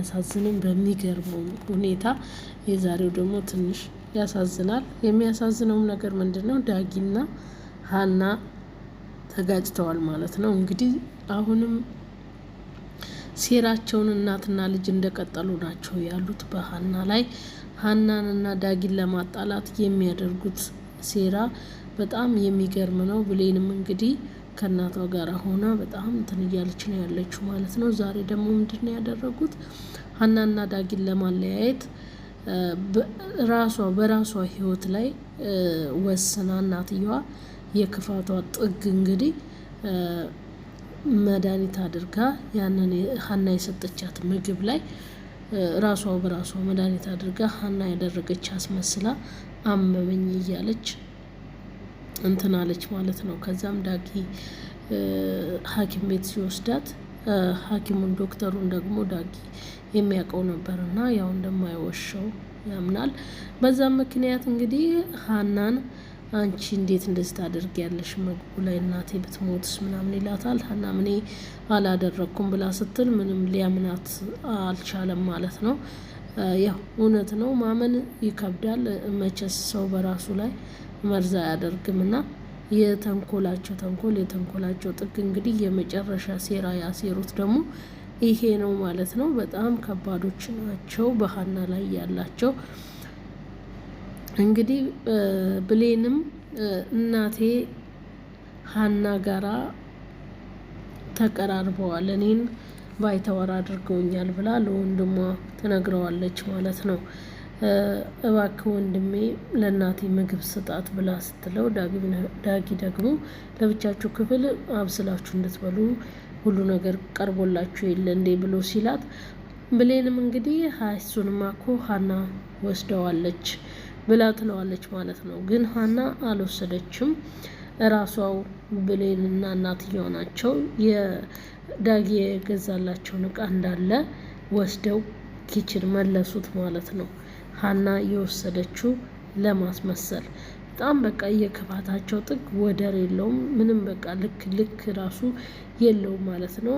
ያሳዝንም በሚገርመው ሁኔታ የዛሬው ደግሞ ትንሽ ያሳዝናል። የሚያሳዝነውም ነገር ምንድን ነው? ዳጊና ሀና ተጋጭተዋል ማለት ነው። እንግዲህ አሁንም ሴራቸውን እናትና ልጅ እንደቀጠሉ ናቸው ያሉት በሀና ላይ። ሀናንና ዳጊን ለማጣላት የሚያደርጉት ሴራ በጣም የሚገርም ነው። ብሌንም እንግዲህ ከእናቷ ጋር ሆና በጣም እንትን እያለች ነው ያለችው ማለት ነው። ዛሬ ደግሞ ምንድን ነው ያደረጉት? ሀናና ዳጊን ለማለያየት ራሷ በራሷ ህይወት ላይ ወስና እናትየዋ የክፋቷ ጥግ እንግዲህ መድኃኒት አድርጋ ያንን ሀና የሰጠቻት ምግብ ላይ ራሷ በራሷ መድኃኒት አድርጋ ሀና ያደረገች አስመስላ አመመኝ እያለች እንትን አለች ማለት ነው። ከዛም ዳጊ ሐኪም ቤት ሲወስዳት ሐኪሙን ዶክተሩን ደግሞ ዳጊ የሚያውቀው ነበር እና ያው እንደማይወሸው ያምናል። በዛም ምክንያት እንግዲህ ሀናን አንቺ እንዴት እንደዚህ ታደርጊያለሽ? ምግቡ ላይ እናቴ ብትሞትስ ምናምን ይላታል። ሀና ምኔ አላደረግኩም ብላ ስትል ምንም ሊያምናት አልቻለም ማለት ነው። ያው እውነት ነው ማመን ይከብዳል መቼስ ሰው በራሱ ላይ መርዝ አያደርግም እና የተንኮላቸው ተንኮል የተንኮላቸው ጥግ እንግዲህ የመጨረሻ ሴራ ያሴሩት ደግሞ ይሄ ነው ማለት ነው። በጣም ከባዶች ናቸው በሀና ላይ ያላቸው እንግዲህ ብሌንም እናቴ ሀና ጋራ ተቀራርበዋል እኔን ባይተዋር አድርገውኛል ብላ ለወንድሟ ትነግረዋለች ማለት ነው። እባክህ ወንድሜ ለእናቴ ምግብ ስጣት ብላ ስትለው ዳጊ ደግሞ ለብቻችሁ ክፍል አብስላችሁ እንድትበሉ ሁሉ ነገር ቀርቦላችሁ የለ እንዴ ብሎ ሲላት ብሌንም እንግዲህ ሀሱንማ እኮ ሀና ወስደዋለች ብላ ትለዋለች ማለት ነው። ግን ሀና አልወሰደችም። እራሷው ብሌንና እናትየው ናቸው የዳጊ የገዛላቸውን እቃ እንዳለ ወስደው ኪችን መለሱት ማለት ነው። ሀና የወሰደችው ለማስመሰል በጣም በቃ የክፋታቸው ጥግ ወደር የለውም። ምንም በቃ ልክ ልክ ራሱ የለውም ማለት ነው።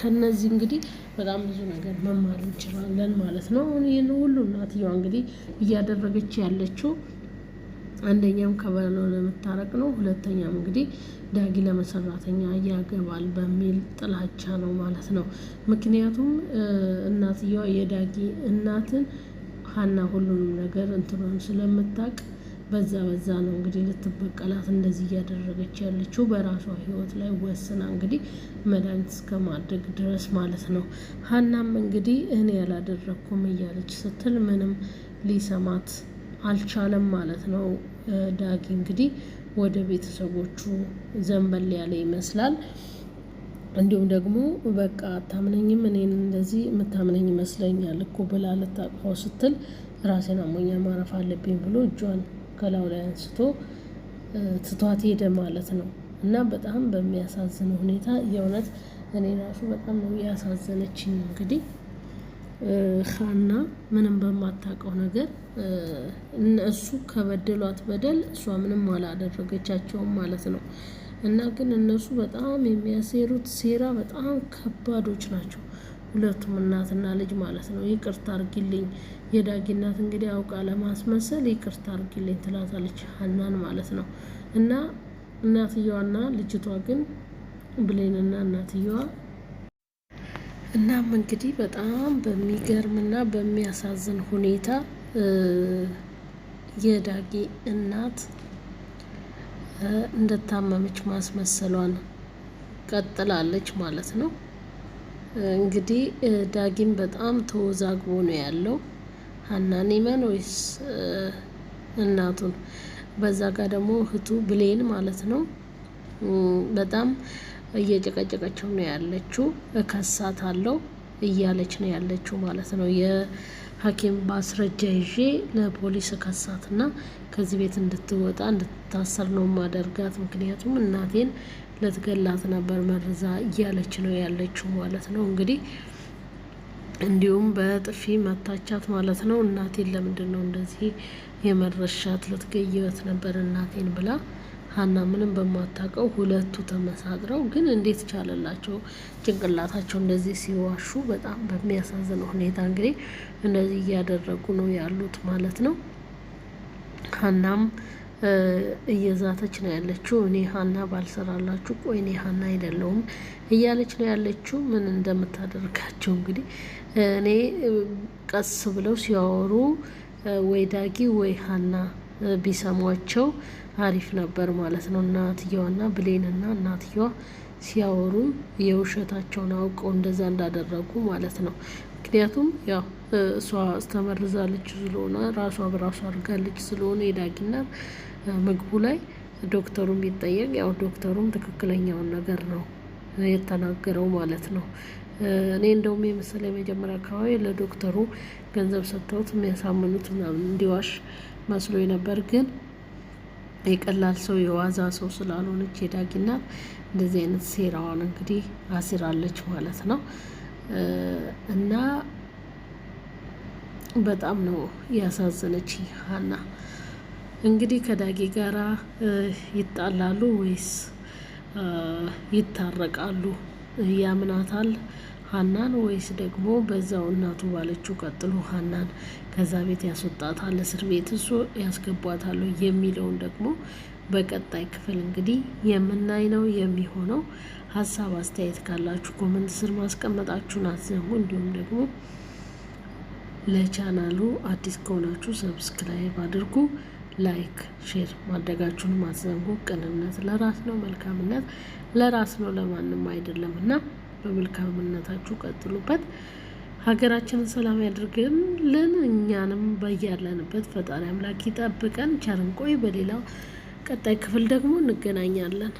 ከነዚህ እንግዲህ በጣም ብዙ ነገር መማር እንችላለን ማለት ነው። ይህን ሁሉ እናትየዋ እንግዲህ እያደረገች ያለችው አንደኛም ከባሏ ለመታረቅ ነው። ሁለተኛም እንግዲህ ዳጊ ለመሰራተኛ ያገባል በሚል ጥላቻ ነው ማለት ነው። ምክንያቱም እናትየዋ የዳጊ እናትን ሀና ሁሉንም ነገር እንትኑን ስለምታቅ በዛ በዛ ነው እንግዲህ ልትበቀላት እንደዚህ እያደረገች ያለችው በራሷ ህይወት ላይ ወስና እንግዲህ መድኃኒት እስከ ማድረግ ድረስ ማለት ነው። ሀናም እንግዲህ እኔ ያላደረግኩም እያለች ስትል ምንም ሊሰማት አልቻለም ማለት ነው። ዳጊ እንግዲህ ወደ ቤተሰቦቹ ዘንበል ያለ ይመስላል። እንዲሁም ደግሞ በቃ አታምነኝም እኔን እንደዚህ የምታምነኝ ይመስለኛል እኮ ብላ ልታቅፈው ስትል ራሴን አሞኛ ማረፍ አለብኝ ብሎ እጇን ከላው ላይ አንስቶ ትቷት ሄደ ማለት ነው። እና በጣም በሚያሳዝን ሁኔታ የእውነት እኔ ራሱ በጣም ነው ያሳዘነችኝ እንግዲህ ሀና ምንም በማታውቀው ነገር እነሱ ከበደሏት በደል እሷ ምንም አላደረገቻቸውም ማለት ነው። እና ግን እነሱ በጣም የሚያሴሩት ሴራ በጣም ከባዶች ናቸው። ሁለቱም እናትና ልጅ ማለት ነው። ይቅርታ አርጊልኝ፣ የዳጊ እናት እንግዲህ አውቃ ለማስመሰል ይቅርታ አርጊልኝ ትላታለች ሀናን ማለት ነው። እና እናትየዋና ልጅቷ ግን ብሌንና እናትየዋ እናም እንግዲህ በጣም በሚገርምና በሚያሳዝን ሁኔታ የዳጊ እናት እንደታመመች ማስመሰሏን ቀጥላለች ማለት ነው። እንግዲህ ዳጊም በጣም ተወዛግቦ ነው ያለው። ሀናን ይመን ወይስ እናቱን? በዛ ጋር ደግሞ እህቱ ብሌን ማለት ነው በጣም እየጨቀጨቀችው ነው ያለችው። አለው እያለች ነው ያለችው ማለት ነው። የሀኪም ማስረጃ ይዤ ለፖሊስ እከሳትና ከዚህ ቤት እንድትወጣ እንድትታሰር ነው ማደርጋት። ምክንያቱም እናቴን ልትገላት ነበር መርዛ እያለች ነው ያለችው ማለት ነው። እንግዲህ እንዲሁም በጥፊ መታቻት ማለት ነው። እናቴን ለምንድን ነው እንደዚህ የመረሻት? ልትገይበት ነበር እናቴን ብላ ሀና ምንም በማታውቀው ሁለቱ ተመሳጥረው ግን እንዴት ቻለላቸው ጭንቅላታቸው እንደዚህ ሲዋሹ በጣም በሚያሳዝነው ሁኔታ እንግዲህ እንደዚህ እያደረጉ ነው ያሉት ማለት ነው። ሀናም እየዛተች ነው ያለችው። እኔ ሀና ባልሰራላችሁ፣ ቆይ እኔ ሀና አይደለሁም እያለች ነው ያለችው። ምን እንደምታደርጋቸው እንግዲህ እኔ ቀስ ብለው ሲያወሩ ወይ ዳጊ ወይ ሀና ቢሰሟቸው አሪፍ ነበር ማለት ነው። እናትየዋና ብሌንና እናትየዋ ሲያወሩ የውሸታቸውን አውቀው እንደዛ እንዳደረጉ ማለት ነው። ምክንያቱም ያው እሷ አስተመርዛለች ስለሆነ ራሷ በራሷ አድርጋለች ስለሆነ የዳጊና ምግቡ ላይ ዶክተሩም ቢጠየቅ ያው ዶክተሩም ትክክለኛውን ነገር ነው የተናገረው ማለት ነው። እኔ እንደውም የመሰለ የመጀመሪያ አካባቢ ለዶክተሩ ገንዘብ ሰጥተውት የሚያሳምኑት ምናምን እንዲዋሽ መስሎ ነበር። ግን የቀላል ሰው የዋዛ ሰው ስላልሆነች የዳጊ እናት እንደዚህ አይነት ሴራዋን እንግዲህ አሲራለች ማለት ነው እና በጣም ነው ያሳዘነች ሀና። እንግዲህ ከዳጊ ጋራ ይጣላሉ ወይስ ይታረቃሉ? ያምናታል ሀናን ወይስ ደግሞ በዛው እናቱ ባለችው ቀጥሎ ሀናን ከዛ ቤት ያስወጣታል፣ እስር ቤት እሱ ያስገቧታል የሚለውን ደግሞ በቀጣይ ክፍል እንግዲህ የምናይ ነው የሚሆነው። ሀሳብ አስተያየት ካላችሁ ኮመንት ስር ማስቀመጣችሁን አትዘንጉ። እንዲሁም ደግሞ ለቻናሉ አዲስ ከሆናችሁ ሰብስክራይብ አድርጉ። ላይክ ሼር ማድረጋችሁን አትዘንጉ። ቅንነት ለራስ ነው፣ መልካምነት ለራስ ነው፣ ለማንም አይደለም እና በመልካምነታችሁ ቀጥሉበት። ሀገራችንን ሰላም ያድርግልን። እኛንም በያለንበት ፈጣሪ አምላክ ይጠብቀን። ቸርን ቆይ። በሌላው ቀጣይ ክፍል ደግሞ እንገናኛለን።